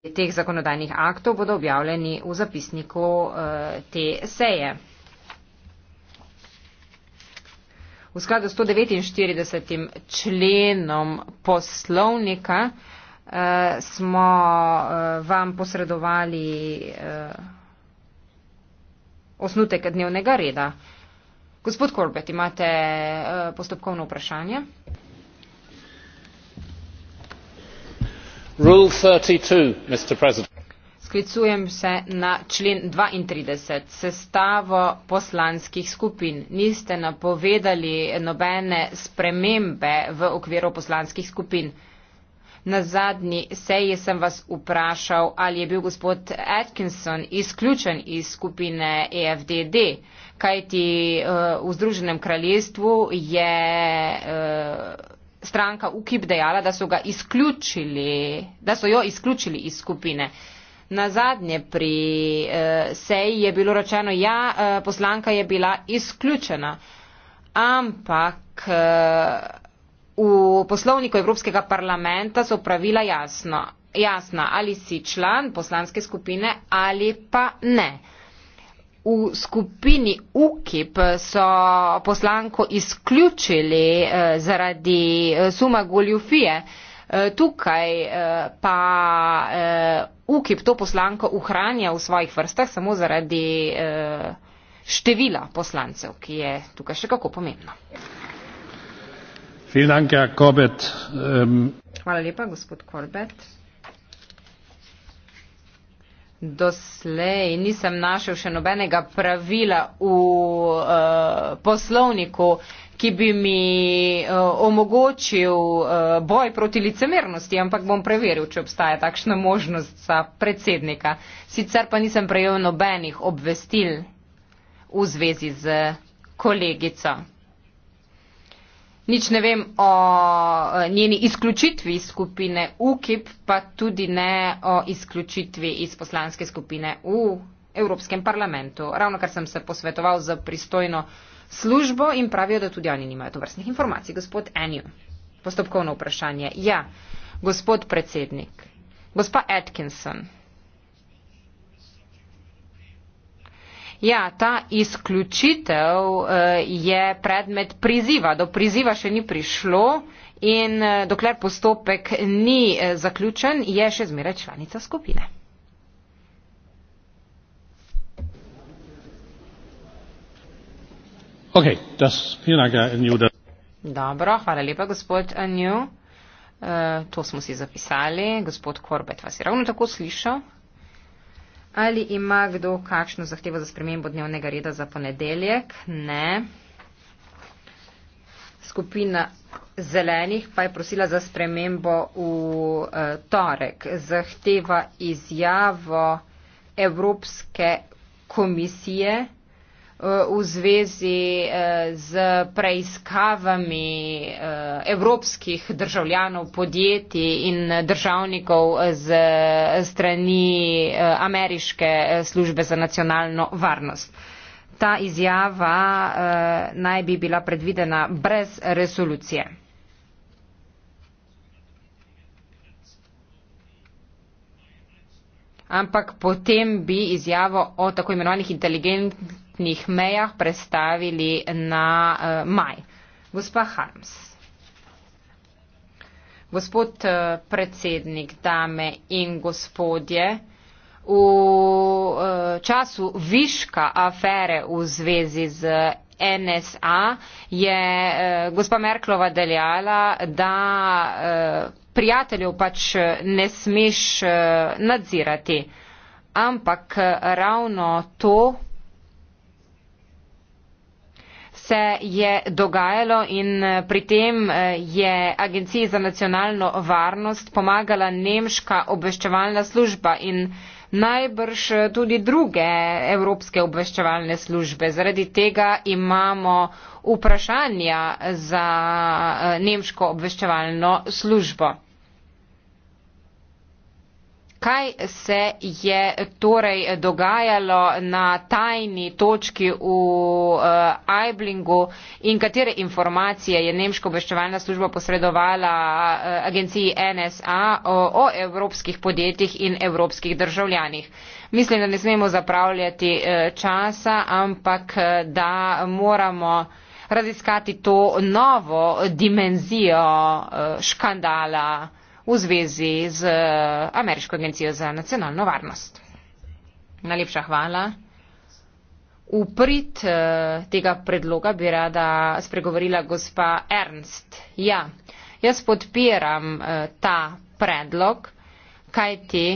teh zakonodajnih aktov bodo objavljeni v zapisniku eh, te seje. V skladu s 149. členom poslovnika eh, smo eh, vam posredovali osnutek dnevnega reda. Gospod Korbet, imate postopkovno vprašanje? sklicujem se na člen dvaintrideset sestavo poslanskih skupin niste napovedali nobene spremembe v okviru poslanskih skupin na zadnji seji sem vas vprašal ali je bil gospod atkinson izključen iz skupine efdd kajti uh, v združenem kraljestvu je uh, stranka UKIP dejala, da so, da so jo izključili iz skupine. Na zadnje pri uh, seji je bilo rečeno, ja, uh, poslanka je bila izključena, ampak uh, v poslovniku Evropskega parlamenta so pravila jasno, jasna, ali si član poslanske skupine ali pa ne. Uh, V skupini UKIP so poslanko izključili eh, zaradi eh, suma goljufije. Eh, tukaj pa UKIP to poslanko uhranja v svojih vrstah samo zaradi števila poslancev, ki je tukaj še kako pomembno. Ähm, Hvala lepa, gospod Korbet doslej nisem našel še nobenega pravila v uh, poslovniku, ki bi mi uh, omogočil uh, boj proti licemernosti, ampak bom preveril, če obstaja takšna možnost za predsednika. Sicer pa nisem prejel nobenih obvestil v zvezi z kolegico nič ne vem o eh, njeni izključitvi iz skupine UKIP, pa tudi ne o izključitvi iz poslanske skupine v Evropskem parlamentu. Ravno kar sem se posvetoval za pristojno službo in pravijo, da tudi oni nimajo tovrstnih informacij. Gospod Enju, postopkovno vprašanje. Ja, gospod predsednik, gospa Atkinson. Ja, ta izključitev eh, je predmet priziva. Do priziva še ni prišlo in eh, dokler postopek ni eh, zaključen, je še zmeraj članica skupine. Okay, das, Dobro, hvala lepa, gospod Anju. Uh, to smo si zapisali. Gospod Korbet vas je ravno tako slišal. Ali ima kdo kakšno zahtevo za spremembo dnevnega reda za ponedeljek? Ne. Skupina zelenih pa je prosila za spremembo v eh, torek. Zahteva izjavo Evropske komisije v zvezi eh, z preiskavami eh, evropskih državljanov, podjetij in državnikov z strani eh, ameriške službe za nacionalno varnost. Ta izjava naj bi bila predvidena brez resolucije. Ampak potem bi izjavo o tako imenovanih inteligentnih trenutnih mejah prestavili na uh, maj. Gospa Harms. Gospod uh, predsednik, dame in gospodje, v uh, času viška afere v zvezi z. NSA je eh, gospa Merklova deljala, da eh, prijateljev pač ne smeš eh, nadzirati. Ampak eh, ravno to se je dogajalo in eh, pri tem eh, je Agenciji za nacionalno varnost pomagala nemška obveščevalna služba in najbrž eh, tudi druge evropske obveščevalne službe. Zaradi tega imamo vprašanja za nemško obveščevalno službo. Kaj se je torej dogajalo na tajni točki v eh, Aiblingu in katere informacije je Nemška obveščevalna služba posredovala eh, agenciji NSA o, o evropskih podjetjih in evropskih državljanih? Mislim, da ne smemo zapravljati eh, časa, ampak da moramo raziskati to novo dimenzijo škandala v zvezi z eh, Ameriško agencijo za nacionalno varnost. Najlepša hvala. V prid eh, tega predloga bi rada spregovorila gospa Ernst. Ja, jaz podpiram eh, ta predlog, kaj ti.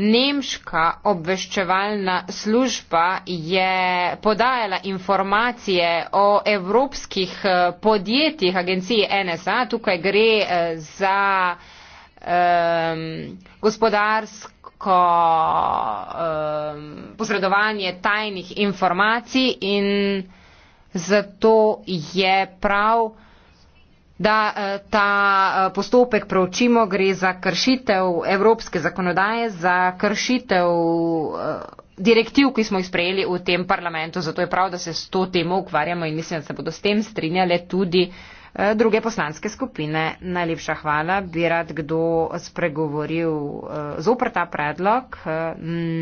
Nemška obveščevalna služba je podajala informacije o evropskih eh, podjetjih agencije NSA. Tukaj gre eh, za um, gospodarsko um, posredovanje tajnih informacij in zato je prav, da eh, ta eh, postopek preučimo, gre za kršitev evropske zakonodaje, za kršitev eh, direktiv, ki smo jih sprejeli v tem parlamentu. Zato je prav, da se s to temo ukvarjamo in mislim, da se bodo s tem strinjale tudi druge poslanske skupine. Najlepša hvala. Bi rad kdo spregovoril zopr ta predlog?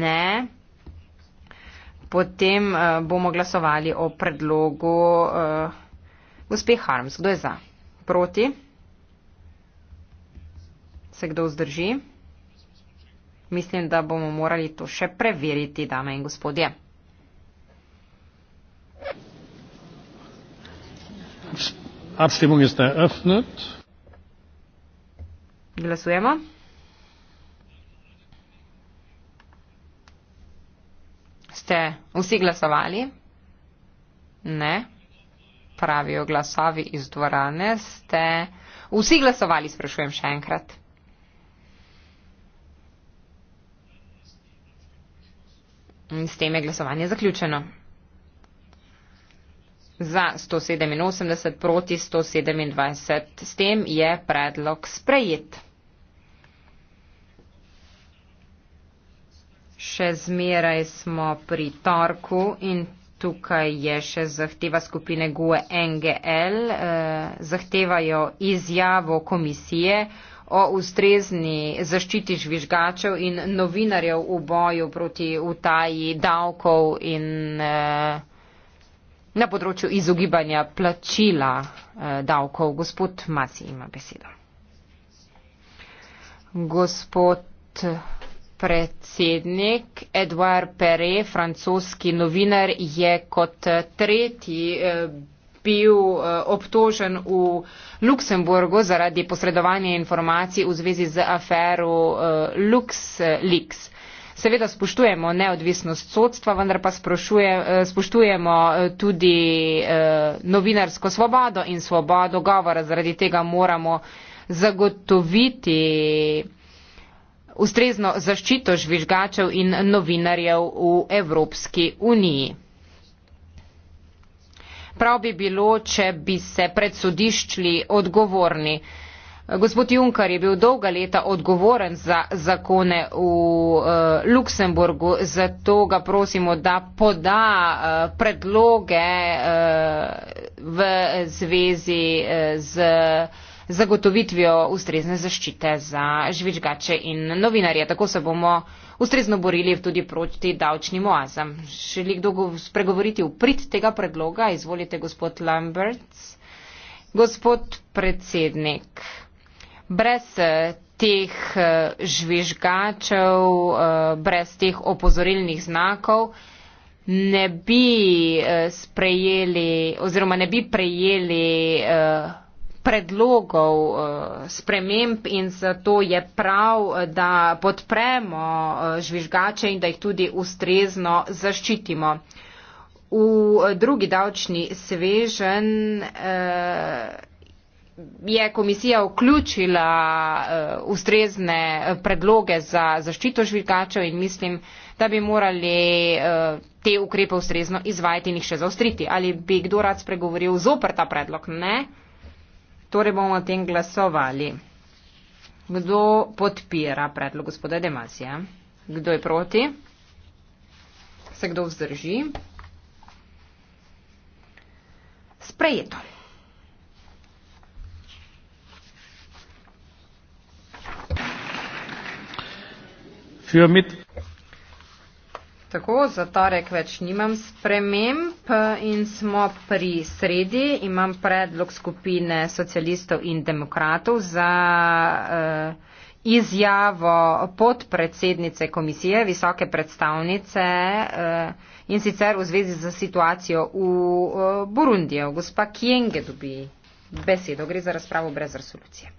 Ne. Potem bomo glasovali o predlogu. Gospe Harms, kdo je za? proti? Se kdo vzdrži? Mislim, da bomo morali to še preveriti, dame in gospodje. Glasujemo. Ste vsi glasovali? Ne pravijo glasovi iz dvorane, ste vsi glasovali, sprašujem še enkrat. In s tem je glasovanje zaključeno. Za 187 proti 127. S tem je predlog sprejet. Še zmeraj smo pri torku in Tukaj je še zahteva skupine GUE NGL. Eh, zahtevajo izjavo komisije o ustrezni zaščiti žvižgačev in novinarjev v boju proti utaji davkov in eh, na področju izogibanja plačila eh, davkov. Gospod Masi ima besedo. Gospod predsednik Edouard Perret, francoski novinar, je kot tretji eh, bil eh, obtožen v Luksemburgu zaradi posredovanja informacij v zvezi z afero eh, LuxLeaks. Seveda spoštujemo neodvisnost sodstva, vendar pa spoštujemo tudi novinarsko svobodo in svobodo govora. Zaradi tega moramo zagotoviti ustrezno zaščito žvižgačev in novinarjev v Evropski uniji. Prav bi bilo, če bi se pred sodiščli odgovorni. Gospod Junkar je bil dolga leta odgovoren za zakone v e, Luksemburgu, zato ga prosimo, da poda e, predloge e, v zvezi e, z. E, zagotovitvijo ustrezne zaščite za žvižgače in novinarje. Tako se bomo ustrezno borili tudi proti davčnim oazam. Želi kdo spregovoriti v prid tega predloga? Izvolite, gospod Lambert. Gospod predsednik, brez eh, teh eh, žvižgačev, eh, brez teh opozorilnih znakov, ne bi sprejeli oziroma ne bi prejeli predlogov eh, sprememb in zato je prav, da podpremo eh, žvižgače in da jih tudi ustrezno zaščitimo. V eh, drugi davčni svežen je komisija vključila ustrezne predloge za zaščito žvižgačev in mislim, da bi morali te ukrepe ustrezno izvajati in jih še zaostriti. Ali bi kdo rad spregovoril zoper ta predlog? Ne. Torej bomo o tem glasovali. Kdo podpira predlog gospoda Demasija? Kdo je proti? Se kdo vzdrži? Sprejeto. Für mit Tako, za torek več nimam sprememb in smo pri sredi. Imam predlog skupine socialistov in demokratov za eh, izjavo podpredsednice komisije, visoke predstavnice eh, in sicer v zvezi z situacijo v eh, Burundiju. Gospa Kienge dobi besedo. Gre za razpravo brez resolucije.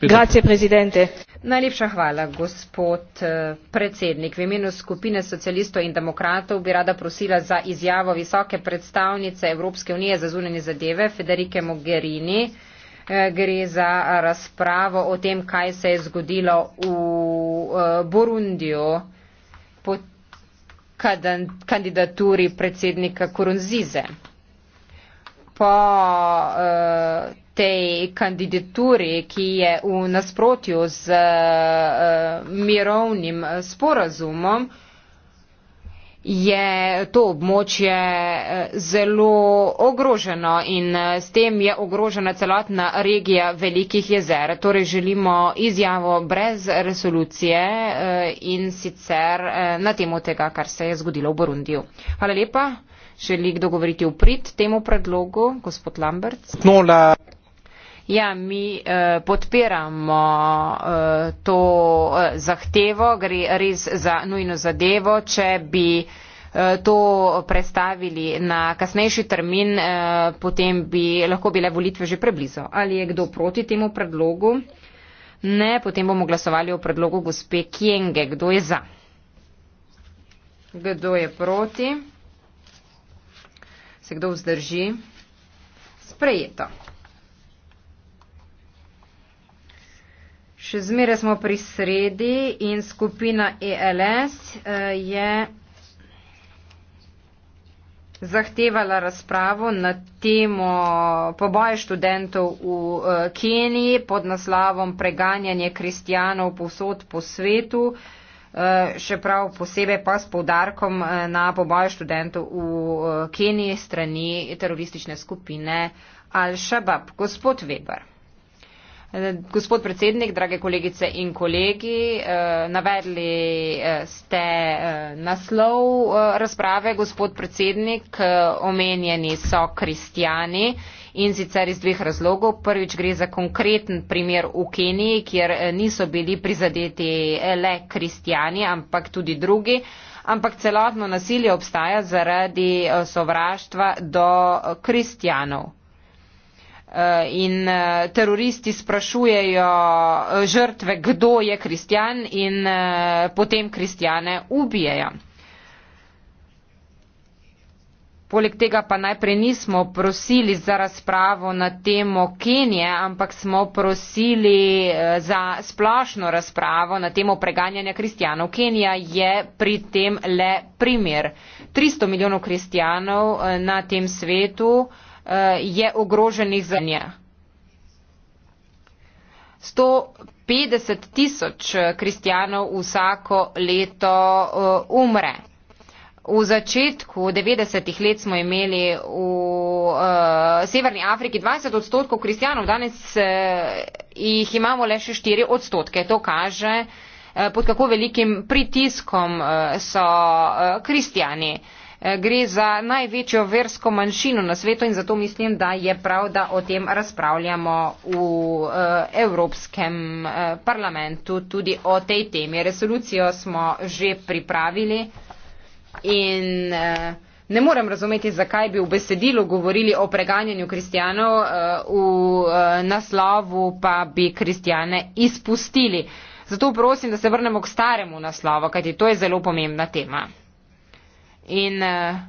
Grazie, presidente. Najlepša hvala, gospod eh, predsednik. V imenu skupine socialistov in demokratov bi rada prosila za izjavo visoke predstavnice Evropske unije za zunanje zadeve Federike Mogherini. Eh, gre za razpravo o tem, kaj se je zgodilo v eh, Burundiju po kandidaturi predsednika Kurunzize. Po uh, tej kandidaturi, ki je v nasprotju z eh, mirovnim eh, sporazumom, je to območje eh, zelo ogroženo in s tem je ogrožena celotna regija velikih jezer. Torej želimo izjavo brez resolucije in sicer na temo tega, kar se je zgodilo v Burundiju. Hvala lepa. Želi kdo govoriti v prid temu predlogu? Gospod Lambert. No, la... Ja, mi eh, podpiramo eh, to eh, zahtevo, gre res za nujno zadevo. Če bi eh, to predstavili na kasnejši termin, eh, potem bi lahko bile volitve že preblizu. Ali je kdo proti temu predlogu? Ne, potem bomo glasovali o predlogu gospe Kienge. Kdo je za? Kdo je proti? Se kdo vzdrži? Sprejeto. še zmeraj smo pri sredi in skupina ELS eh, je zahtevala razpravo na temo poboja študentov v eh, Keniji pod naslavom preganjanje kristijanov povsod po svetu, eh, še prav posebej pa s povdarkom na poboja študentov v Keniji strani teroristične skupine Al-Shabaab. Gospod Weber. Eh, gospod predsednik, drage kolegice in kolegi, eh, navedli eh, ste naslov razprave. Gospod predsednik, omenjeni so kristijani in sicer iz dveh razlogov. Prvič gre za konkreten primer v Keniji, kjer niso bili prizadeti le kristijani, ampak tudi drugi. Ampak celotno nasilje obstaja zaradi sovraštva do kristijanov. Eh, in eh, teroristi sprašujejo eh, žrtve, kdo je kristjan in potem kristjane ubijajo. Poleg tega pa najprej nismo prosili za razpravo na temo Kenije, ampak smo prosili za splošno razpravo na temo preganjanja kristjanov. Kenija je pri tem le primer. 300 milijonov kristjanov na tem svetu. Eh, je ogroženih zemlja. 150 tisoč kristijanov vsako leto eh, umre. V začetku 90-ih let smo imeli v uh, Severni Afriki 20 odstotkov kristijanov, danes uh, jih imamo le še 4 odstotke. To kaže, uh, pod kako velikim pritiskom uh, so uh, kristijani. Uh, Eh, gre za največjo versko manjšino na svetu in zato mislim, da je prav, da o tem razpravljamo v eh, Evropskem eh, parlamentu tudi o tej temi. Resolucijo smo že pripravili in ne morem razumeti, zakaj bi v besedilu govorili o preganjanju kristijanov, v naslovu pa bi kristijane izpustili. Zato prosim, da se vrnemo k staremu naslovu, kajti to je zelo pomembna tema in eh,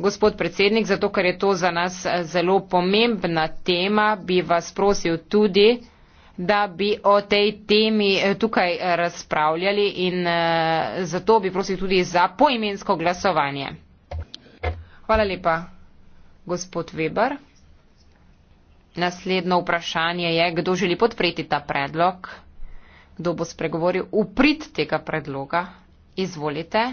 gospod predsednik zato ker je to za nas eh, zelo pomembna tema bi vas prosil tudi da bi o tej temi eh, tukaj razpravljali in zato bi prosil tudi za poimensko glasovanje. Hvala lepa, gospod Weber. Naslednje vprašanje je, kdo želi podpreti ta predlog, kdo bo spregovoril uprit tega predloga. Izvolite.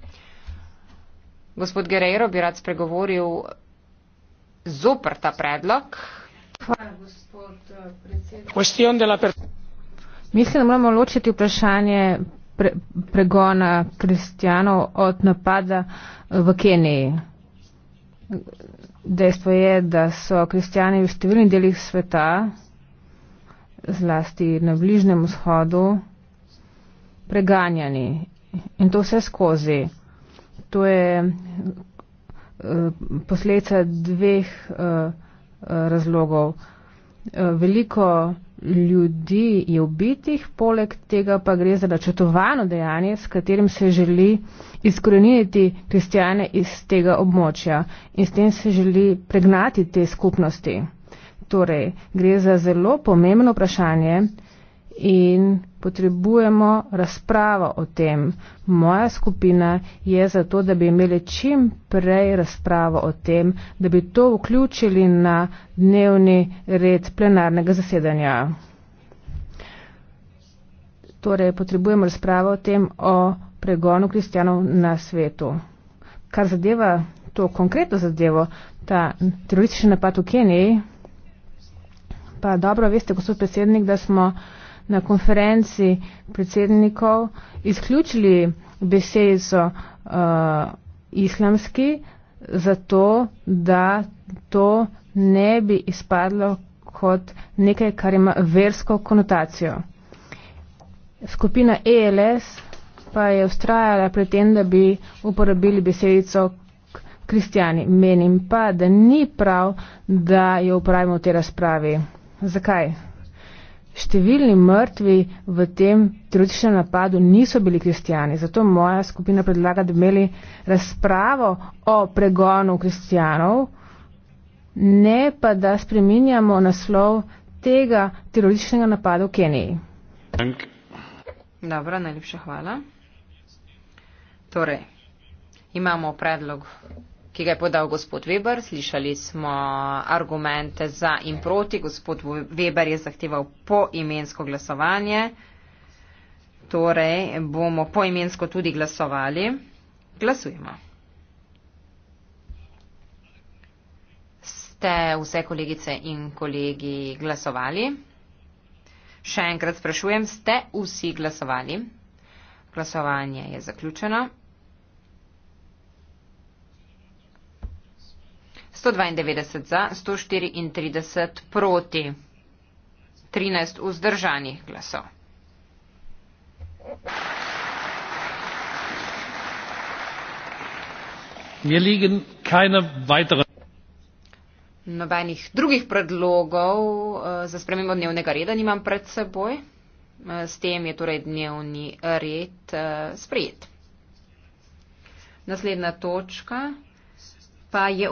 Gospod Guerrero bi rad spregovoril zopr ta predlog. Hvala, eh, Mislim, da moramo ločiti vprašanje pre, pregona kristijanov od napada v Keniji. Dejstvo je, da so kristijani v številnih delih sveta, zlasti na Bližnem vzhodu, preganjani in to vse skozi to je eh, posledica dveh eh, razlogov. Eh, veliko ljudi je ubitih, poleg tega pa gre za načrtovano dejanje, s katerim se želi izkoreniti kristijane iz tega območja in s tem se želi pregnati te skupnosti. Torej, gre za zelo pomembno vprašanje, in potrebujemo razpravo o tem. Moja skupina je zato, da bi imeli čim prej razpravo o tem, da bi to vključili na dnevni red plenarnega zasedanja. Torej, potrebujemo razpravo o tem, o pregonu kristjanov na svetu. Kar zadeva to konkretno zadevo, ta teroristični napad v Keniji, pa dobro veste, gospod predsednik, da smo na konferenci predsednikov izključili besedico uh, islamski, zato da to ne bi izpadlo kot nekaj, kar ima versko konotacijo. Skupina ELS pa je ustrajala pri tem, da bi uporabili besedico kristijani. Menim pa, da ni prav, da jo upravimo v tej razpravi. Zakaj? Številni mrtvi v tem terorističnem napadu niso bili kristijani, zato moja skupina predlaga, da bi imeli razpravo o pregonu kristijanov, ne pa da spreminjamo naslov tega terorističnega napada v Keniji. Dobro, najlepša hvala. Torej, imamo predlog ki ga je podal gospod Weber. Slišali smo argumente za in proti. Gospod Weber je zahteval poimensko glasovanje. Torej bomo poimensko tudi glasovali. Glasujemo. Ste vse kolegice in kolegi glasovali? Še enkrat sprašujem, ste vsi glasovali? Glasovanje je zaključeno. 192 za, 134 proti, 13 vzdržanih glasov. Nobenih drugih predlogov eh, za spremembo dnevnega reda nimam pred seboj. Eh, s tem je torej dnevni red eh, sprejet. Naslednja točka pa je.